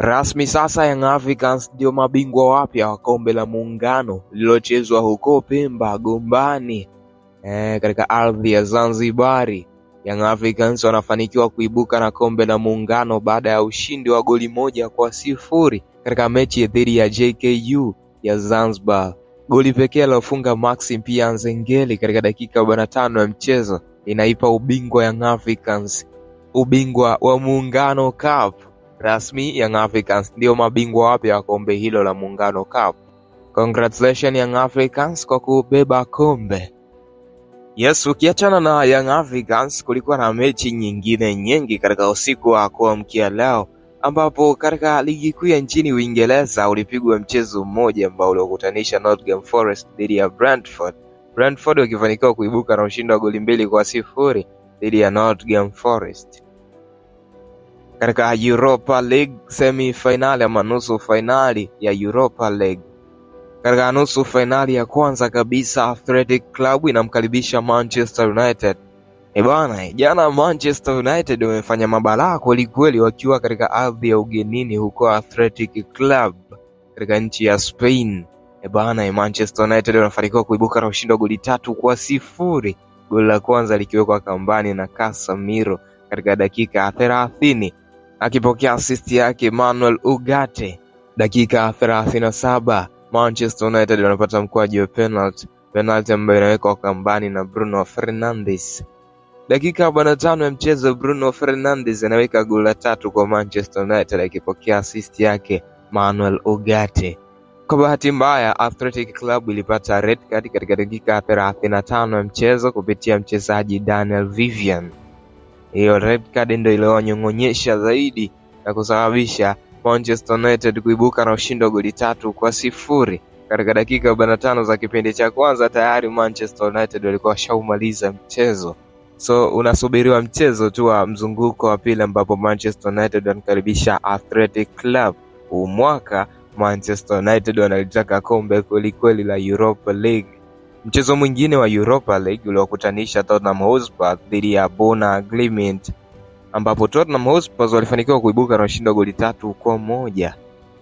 rasmi sasa Young Africans ndio mabingwa wapya wa kombe la muungano lililochezwa huko Pemba Gombani, e, katika ardhi ya Zanzibari. Young Africans wanafanikiwa kuibuka na kombe la muungano baada ya ushindi wa goli moja kwa sifuri katika mechi dhidi ya JKU ya Zanzibar. Goli pekee alofunga Maxim pia Nzengeli katika dakika 45 ya mchezo inaipa ubingwa Young Africans ubingwa wa Muungano Cup rasmi Young Africans ndio mabingwa wapya wa kombe hilo la Muungano Cup. Congratulations Young Africans kwa kubeba kombe. Yes, ukiachana na Young Africans, kulikuwa na mechi nyingine nyingi katika usiku wa kuamkia leo, ambapo katika ligi kuu ya nchini Uingereza ulipigwa mchezo mmoja ambao uliokutanisha Nottingham Forest dhidi ya Brentford, Brentford wakifanikiwa kuibuka na ushindi wa goli mbili kwa sifuri dhidi ya Nottingham Forest katika Europa League semi finali ama nusu fainali ya Europa League. Katika nusu fainali ya kwanza kabisa Athletic Club inamkaribisha Manchester United. E bwana, jana Manchester United wamefanya mabalaa kwelikweli wakiwa katika ardhi ya ugenini huko Athletic Club katika nchi ya Spain. E bwana, Manchester United wanafanikiwa kuibuka na ushindi wa goli tatu kwa sifuri, goli la kwanza likiwekwa kambani na Casemiro katika dakika thelathini akipokea asisti yake manuel Ugarte dakika 37. Manchester United wanapata mkwaju wa penalty, penalty ambayo inawekwa kambani na Bruno Fernandes. Dakika 45 ya mchezo, Bruno Fernandes anaweka goli la tatu kwa Manchester United akipokea assist yake Manuel Ugarte. Kwa bahati mbaya, Athletic Club ilipata red card katika dakika 35 ya mchezo kupitia mchezaji Daniel Vivian hiyo red card ndio iliyowanyong'onyesha zaidi na kusababisha Manchester United kuibuka na ushindi wa goli tatu kwa sifuri katika dakika 45 tano za kipindi cha kwanza. Tayari Manchester United walikuwa washaumaliza mchezo, so unasubiriwa mchezo tu wa mzunguko wa pili ambapo Manchester United wanakaribisha Athletic Club. Huu mwaka Manchester United wanalitaka kombe kwelikweli la Europa League mchezo mwingine wa Europa League uliokutanisha Tottenham Hotspur dhidi ya Bona Glimt ambapo Tottenham Hotspur walifanikiwa kuibuka na ushindi wa goli tatu kwa moja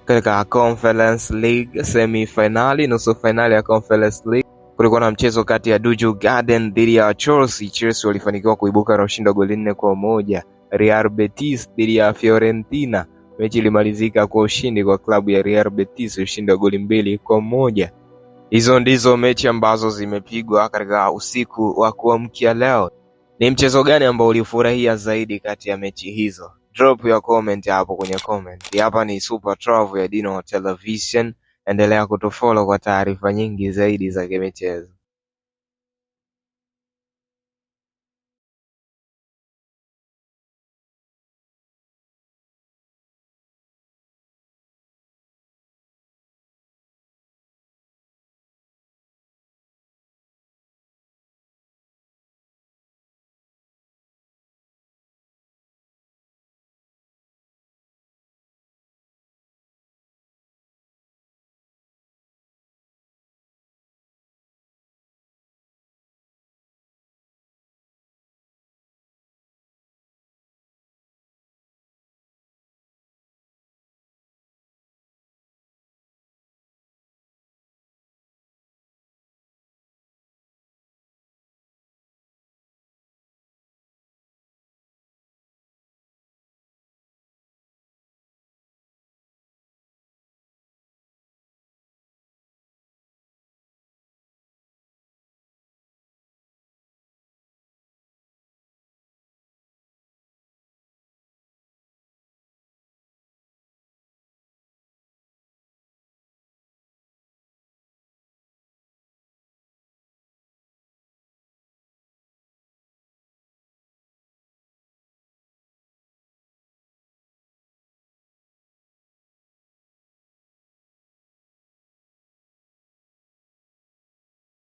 katika Conference League semi finali. Nusu finali ya Conference League kulikuwa na mchezo kati ya Duju Garden dhidi ya Chelsea. Chelsea walifanikiwa kuibuka na ushindi wa goli nne kwa moja. Real Betis dhidi ya Fiorentina, mechi ilimalizika kwa ushindi kwa klabu ya Real Betis, ushindi wa goli mbili kwa moja. Hizo ndizo mechi ambazo zimepigwa katika usiku wa kuamkia leo. Ni mchezo gani ambao ulifurahia zaidi kati ya mechi hizo? Drop ya comment hapo kwenye comment. Hapa ni Super Travel ya Dino Television, endelea kutufollow kwa taarifa nyingi zaidi za kimichezo.